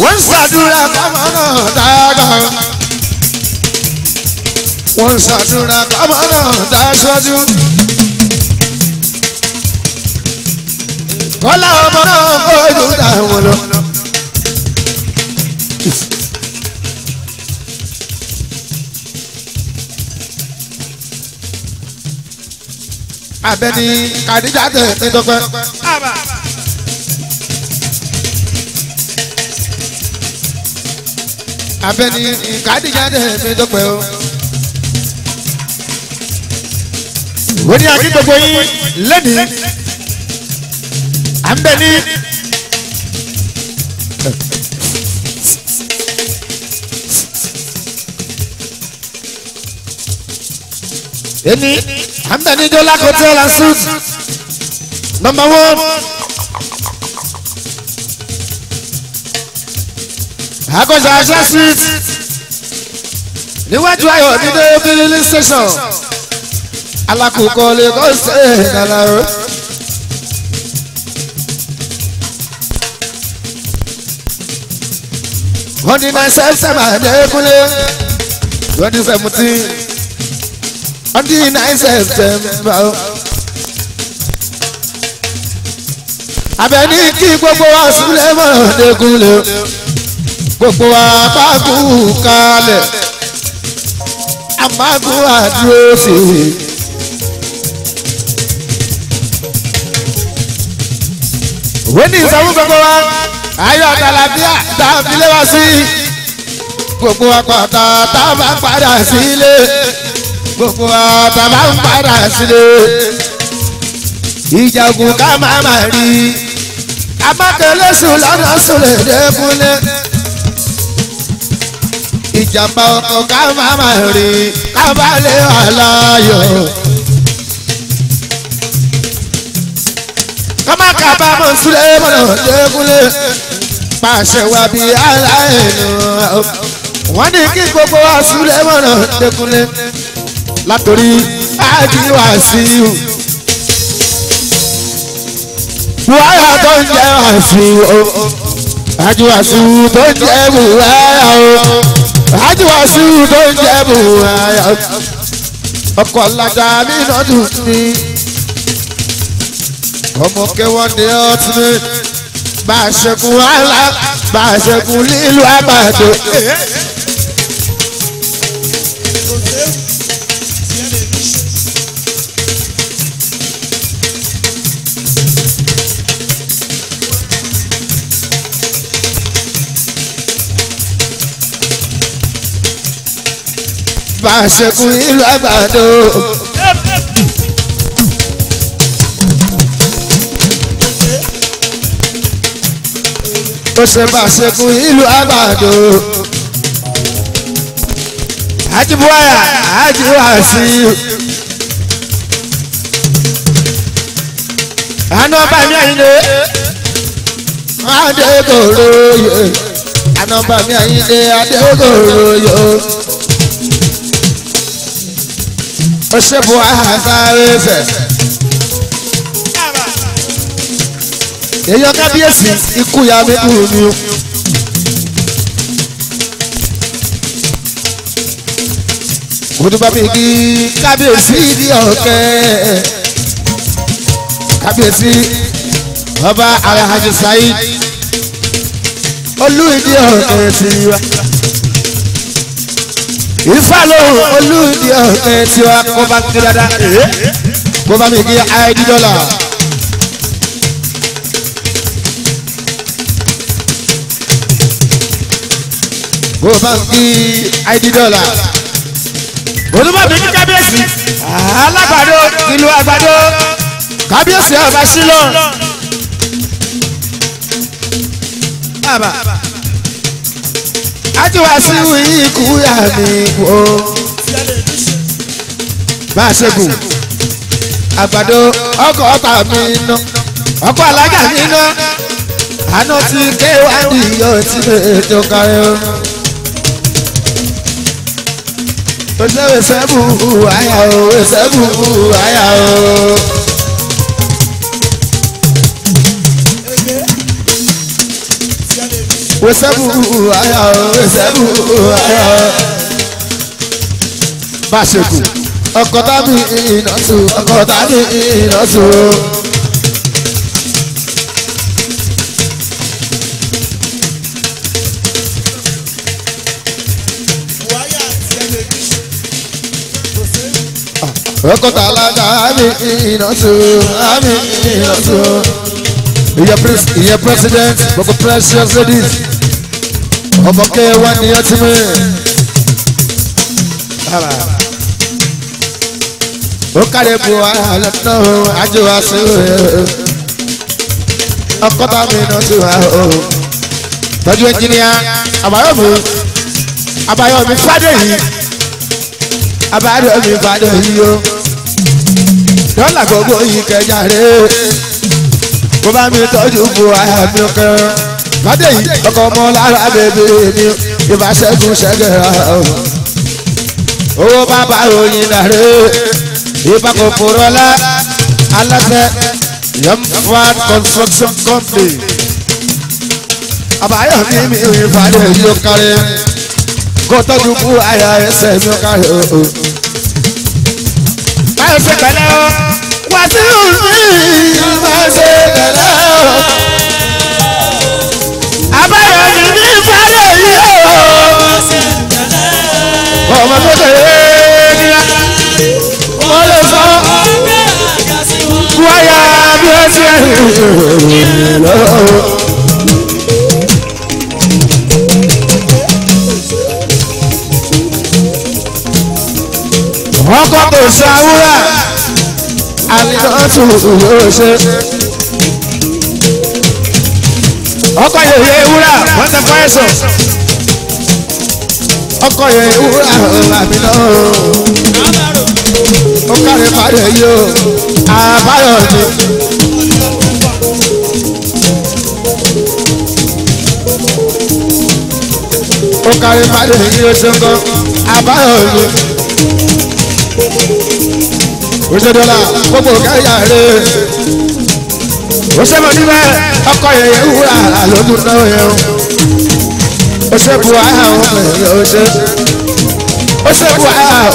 wọ́n ṣàdúrà káwọn náà dáadáa o. wọ́n ṣàdúrà káwọn náà dáṣọ́jú. kọ́lá ọmọ náà kó ìlú dà lọ. abẹni kàdíjà tẹ ní dọpẹ. abẹni kàdíjà tẹ ní dọpẹ o. wọ́n ní akí gbogbo yín lẹ́nìí à ń bẹ ní. ẹni. I'm the ní Jola Hotel and Suites number one. akọ̀ṣà àṣà street níwájú ayọ̀ nílé bílílí station alákòókò lè kọ́ ṣe é nàlàró. wọ́n dín náà ṣẹ́ṣẹ́ màdé kúnlé twenty seventeen until nine september o. Àbẹ̀ní kí gbogbo wa sílẹ̀ mọ́ Adékúnlé gbogbo wa bá kú kalẹ̀ àmàgùn àdúró sí i. òwe ní ìsanwó gbogbo wa ayọ̀ àtàlàbíà tá a fi lé wa sí i gbogbo wa pàtàkì tá a bá padà sí gbogbo àtàbà ń padà sílé ìjagun ká má má rí abákẹ́lẹ́ sùn lọ́nà sùn lè dé fúnlẹ̀ ìjàmbá ọkọ̀ ká má má rí ká bá lè wà láàyò. kọ́má mọ̀ nsúlẹ̀ mọ̀nà dẹ́kunlẹ̀ pàṣẹ wà bí aláìnà wọ́n ní kí gbogbo wa súlẹ̀ mọ̀nà dẹ́kunlẹ̀ látòrí àdìwà síu wàhálà tó ń jẹ́ àsìu àdìwà síu tó ń jẹ́ buhaya o àdìwà síu tó ń jẹ́ buhaya ọkọ̀ làjà mí lọ́dún mi ọmọ kẹwọn ni ọ ti bá a ṣẹkùn wàhálà bá a ṣẹkùn lílu àbàdàn. Pàṣẹkùn ìlú Àbàdàn. Ó ṣe pàṣẹkùn ilu abado. Haji àjibúwá Haji i. Ano ba mi àyíndé adégòrò ye. Ano ba mi àyíndé adégòrò yìí. ọ̀ṣẹ́bù àhàfàrẹ́fẹ̀. èèyàn kábíyèsí ikú ya mi kúrò ní o. kùdùbàbíkì kábíyèsí ìdí ọ̀kẹ́ kábíyèsí ọba alhaji saheed olú ìdí ọ̀kẹ́ ti wá ìfàlọ́ olùdí ọ̀gbẹ́ tí wàá kó bá tó dáadáa eh? kó bá mi kí id dọ́là. kó bá mi kí id dọ́là. olúmọ̀ mi ní kábíyèsí alágbàdo ìlú àgbàdo kábíyèsí ọba sílọ̀. àbá. Àlàájì Wàsíù ikú yà mí wò. Máa ṣègùn àgbàdo ọkọ̀ ọ̀tà mi ná ọkọ̀ alága mi ná àná ti ké wá níyọ tí ètò kárí o. Òṣèwèsè bù àyà o, èsè bù àyà o. òṣèbù àyà òṣèbù àyà. bá a ṣe kù ọkọ tábì ìnàṣù ọkọ tábì ìnàṣù. ọkọta alága àmì ìnàṣọ àmì ìnàṣọ. ìyẹn president gbogbo precious ladies ọmọ kẹwàá ni ọtí mi. ó kárẹ̀ bu àlọ́tọ̀ àjò àṣẹ ọkọ bá mi nà sí wa o. tọ́jú ẹnjìníà àbáyọ̀mí àbáyọ̀mí fádé yìí àbáyọ̀mí fádé yìí o. dọ́là gbogbo yìí kẹjà rèé bó bá mi tọ́jú bu àyà mi kan ládéyìí ọkọ ọmọ lára bèbè mi ìbá ṣẹ́gun ṣẹ́gẹ̀rà owó bàbá òyìn nàrè ìbá kò fòrọ́ lá aláṣẹ yamfan construction company àbáyọ̀ mi mi ìfàdé yìí ó kárí kó tọ́jú kú àyà ẹsẹ̀ mi ó kárí o. báyọ̀ ṣe pẹ̀lẹ́ o wàásù mi báyọ̀ ṣe pẹ̀lẹ́ o abáyọ̀mí ní fáyọ̀ yìí o ọmọ kékeré ní a wọ́n lè sọ kúwáyà bí wọ́n ti ẹ̀ lọ́wọ́. ọkọ̀ kò sáwúrà àlejò tún ló ṣe ọkọ yèyé wúrà wọ́n ti fọ́ ẹ̀sọ̀ ọkọ yèyé wúrà làmì náà ó kárí parí èyí o àbáyọ̀ ni. ó kárí parí èyí o ṣe ń gan àbáyọ̀ ni. òṣèdọ́là gbogbo kẹ́yà rẹ̀ ó ṣe mo níbẹ̀ ọkọ yẹyẹ wúrà lóògùn náà yẹ o ó ṣe bu àhà ó mẹ̀rẹ̀ ó ṣe ó ṣe wa so ó kárọ̀.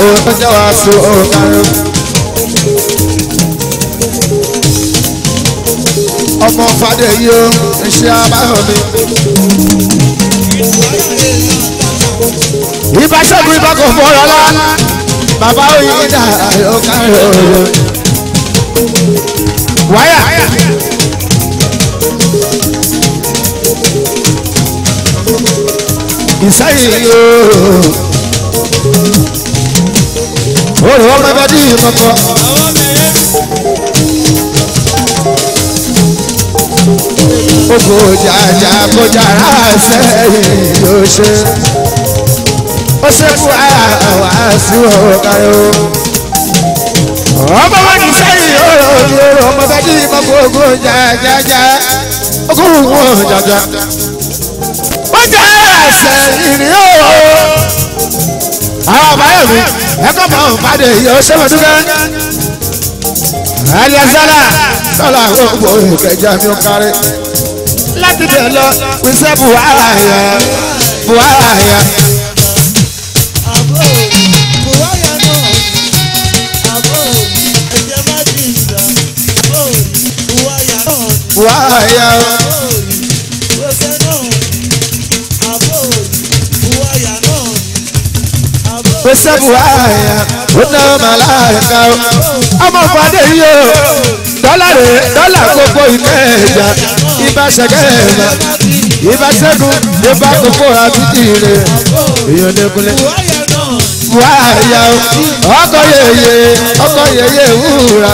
ọmọ fadé yìí ó ń ṣe mi. ibà ṣẹ́gun ibà kò fọyọ́ lá bàbá òyìnbá ayọ̀ká rẹ̀ ọ̀yọ́ wáyà. ìsáyìí yóò orí wọn bá bá dí ìkọkọ. Ogo jàjà kọjá sẹ́yìn yóò ṣe. Ó ṣekú ara àwa sí ọ̀ọ́ káyọ̀. Ọba wa ni olóró ọmọ bẹ́ẹ̀ kí ìmọ̀ gbogbo jàjàjà ogún wọn jàjà. ó jẹ́ ẹsẹ̀ ìrìn o. àwọn àbáyọ̀ mi ẹ̀kọ́ mọ̀ òǹpadì yóò ṣe wọ́n dúkẹ́. ẹlẹ́sẹ̀lá tọ́lá gbogbo ìkẹjà mi ó kárí. láti bẹ̀ lọ wíṣẹ́ buhari yẹn buhari yẹn. wáyà o. pèsè buhaya ó ná màláìka o ọmọ ìpàdé yìí o dọ́là rè dọ́là kókó iná ẹ̀jà ibà ṣẹ̀kẹ́ ẹ̀ma ibà ṣẹ́gun ibà kókó àbíkì rè èèyàn lẹ́kúnlẹ́ buhaya o ọkọ̀ yẹ̀yẹ̀ ọkọ̀ yẹ̀yẹ̀ wúra.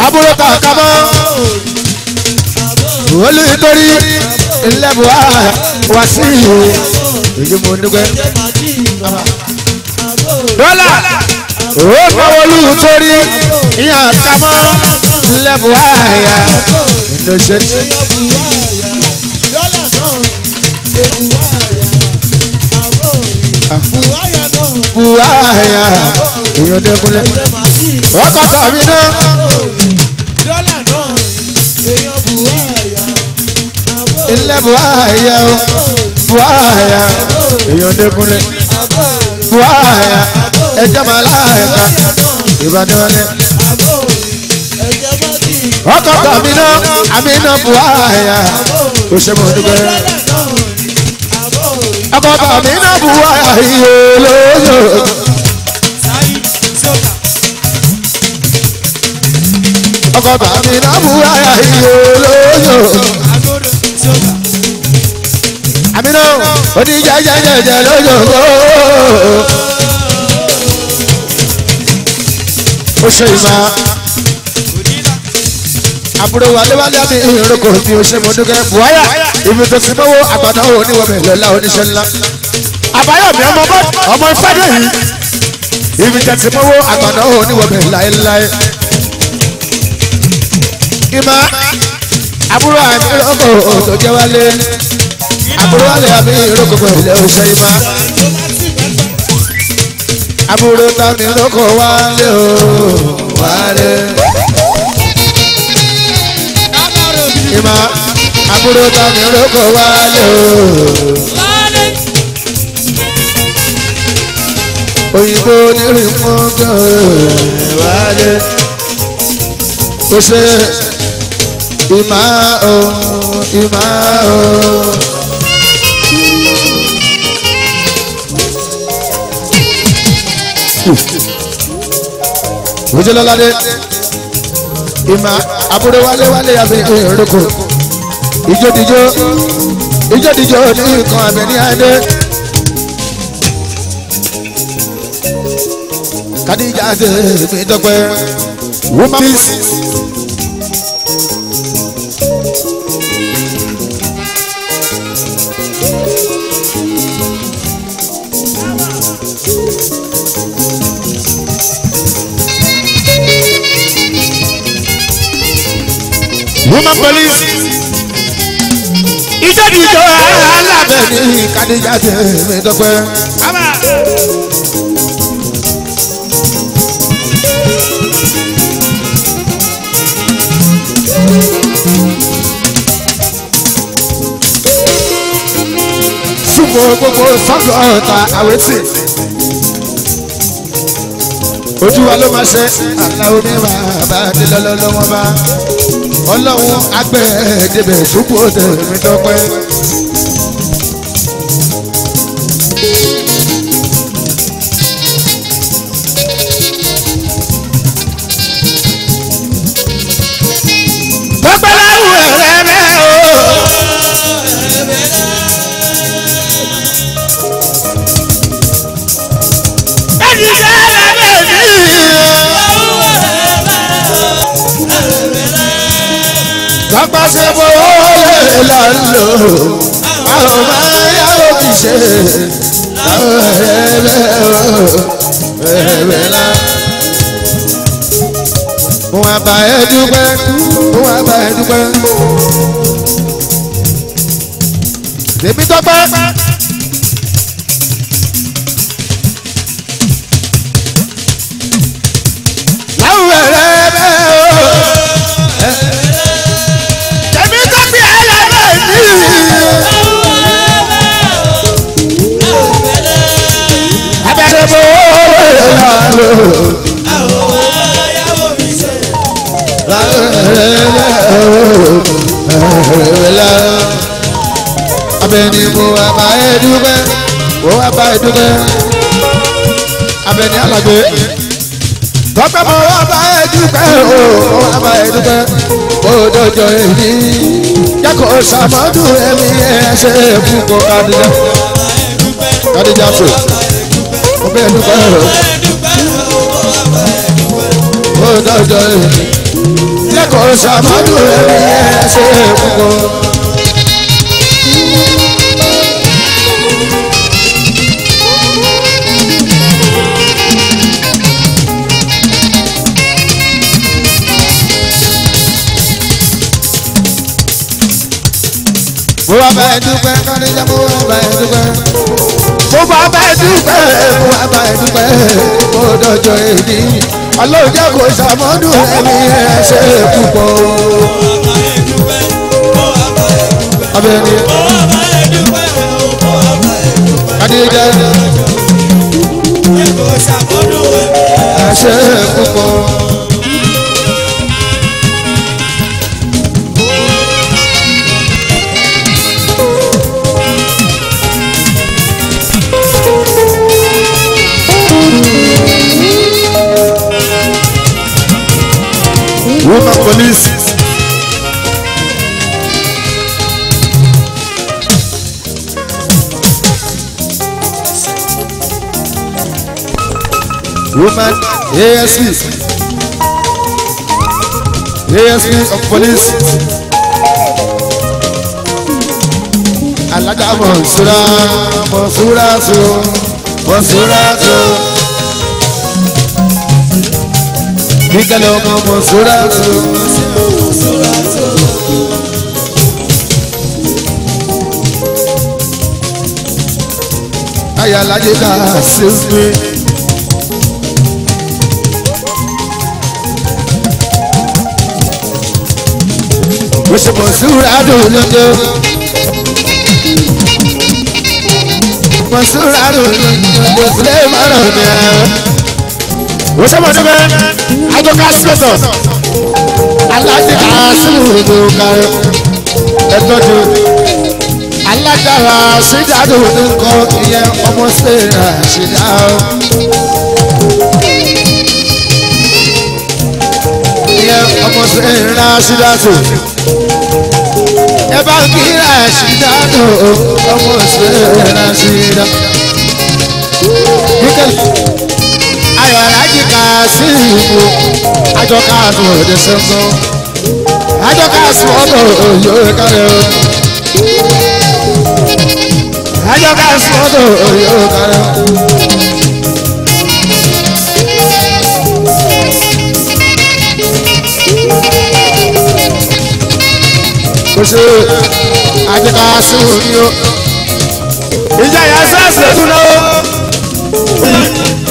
àbúrò kàkàmọ́ olùtorí ńlẹ́bùá wá sí ìhò èyí mo dúpẹ́. dọ́là ó náwó olùtorí ìyá kàmọ́ ńlẹ́bùá yà ìnọ̀ṣẹ́tì. buhaya èèyàn dẹkùnlé ọkọ tàbí náà ilẹ̀ buhaya o buhaya èèyàn dẹkùnlé buhaya ẹjẹ́ máa láàyèká ìbádọ́lẹ̀. ọkọ̀ tó àmínà àmínà buhaya kò ṣe mọ̀ dúpẹ́. ọkọ̀ tó àmínà buhaya yìí olóyè. ọkọ tàbí nàbúrà iye olóyò. àmínú oníjẹjẹjẹjẹ lójoojú. ó ṣe ìmọ̀ àbúrò wàléwálé àmì ìrókò ní oṣù mọ́dúnkẹ́ buhaya ibi tó ti mọ́wọ́ àgbàdo oníwọ̀bẹ̀ lọ́la oníṣẹ́ ńlá. àbáyọ̀mí ọmọ bọ́ọ̀dù ọmọ ìfẹ́ lẹ́yìn ibi tó ti mọ́wọ́ àgbàdo oníwọ̀bẹ̀ láéláé ìmọ̀ àbúrò àmì ìrókò òsò jẹ́ wálé àbúrò wálé àmì ìrókò pẹ̀lú òsè ìmọ̀ àbúrò tàmí ìrókò wálé o wálé. ìmọ̀ àbúrò tàmí ìrókò wálé o. òyìnbó nírìnkún gan-an wálé. ó ṣe é ìmọ̀ o Ima o. Òjòléládé ìmọ̀ àbúrò wálé wálé àbí ìrókò ìjódìjó ìjódìjó ní nǹkan àbẹ̀ ní adé. Kadija ṣe é mi dọ́gbẹ́. Woman please. Woman police. Iṣẹ́ ti jọ alábẹ̀ ní Kádéjà tẹ̀mí dọ́pẹ́. Ṣùgbọ́n gbogbo sọ́dọ̀ ọ̀tá àwẹ̀tì. Ojú wa ló máa ṣe àlàó ní bàbá délọ́lọ́wọ́ bá ọlọ́run agbẹ́ẹ̀dẹ́bẹ̀ ṣùgbọ́n tẹ̀mí tọ́pẹ́. àṣẹbọ̀ olè là ń lò àwọn máa yá òbí ṣe àwọn la. Òun àbá ẹ dúpẹ́, òun àbá ẹ dúpẹ́. Tèmi wá lò. àwọn ayáwó mi ṣe. Abẹ́ni mo wá bá ẹ dúpẹ́, mo wá bá ẹ dúpẹ́. Abẹ́ni alàgbé. Tọ́pẹ́ mo wá bá ẹ mo wá bá ẹ dúpẹ́. Mo dọ̀jọ́ èmi, mo bẹ́ẹ̀ dúpẹ́ òdodo lẹ́kọ̀ọ́ sàmọ́dún rẹ̀ ẹ̀ ṣe púpọ̀. mo wá bá ẹ dúpẹ́ kọ́níjà mo wá bá ẹ dúpẹ́. mo wá bá ẹ dúpẹ́ mo wá bá ẹ dúpẹ́ mo dọ̀jọ́ èdè ọlọ́run jẹ́ kó ṣàmọ́nù ẹni ẹsẹ̀ púpọ̀. abẹ́ni adéjẹ́ ẹsẹ̀ púpọ̀. Woman police. Woman ASP. ASP of police. Alájà Mọ̀súra Mọ̀súra tó Mọ̀súra tó. nígbàlẹ̀ ọmọ mọ̀sóra tó. ayàlájẹ ká ṣe ń do, mo do, mọ̀sóra dùn lọ́jọ́. mọ̀sóra dùn lọ́jọ́ mo sì lè má rọ̀ mí wosɛmɔdɛbɛ adɔka sɛtɔ aladi asimudo kare ɛtɔdo aladara sidado nkɔ iyɛ ɔmɔ sera sida iyɛ ɔmɔ sera sida to ɛbá kira sida to ɔmɔ sera sida ayọ̀ alájí Kasimu àjọ Kasimu òde ṣẹ́ńgó àjọ Kasimu ọ̀dọ̀ òyò kárẹ̀ o àjọ Kasimu ọ̀dọ̀ òyò kárẹ̀ o. ṣe àjẹká sùn ní ìjà yà sá ṣètúná o.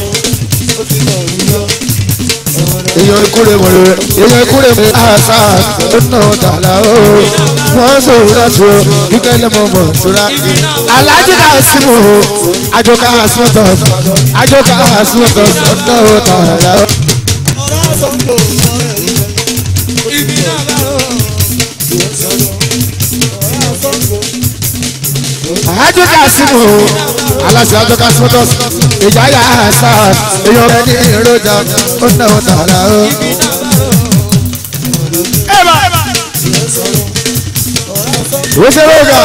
èèyàn ìkúrè mọ̀ rẹ̀ èèyàn ìkúrè mọ̀ àṣà tó nà dàlà o wọ́n sọ̀rọ̀ láti o kíkẹ́ lẹ́mọ̀ mọ̀ sọ́ra. alájọ náà sí mọ̀ o àjọ ká àṣìwọ̀n tọ̀ àjọ ká àṣìwọ̀n tọ̀ tó nà dàlà o. àjọ ká àṣìwọ̀n o alájọ àjọ ká àṣìwọ̀n ìjà yà àṣà èèyàn rẹ̀ ní èròjà ó náwó tààrà o. òṣèrògà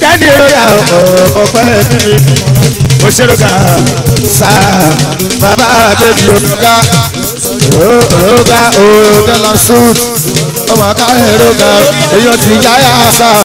kẹ́ni ìrora ọ̀pẹ́ òṣèrògà sáà bàbá àbẹ̀bí òṣèrògà òṣèrògà òṣèrògà lọ sùn ọmọ ká èrògà èyí ti yáyà sáà.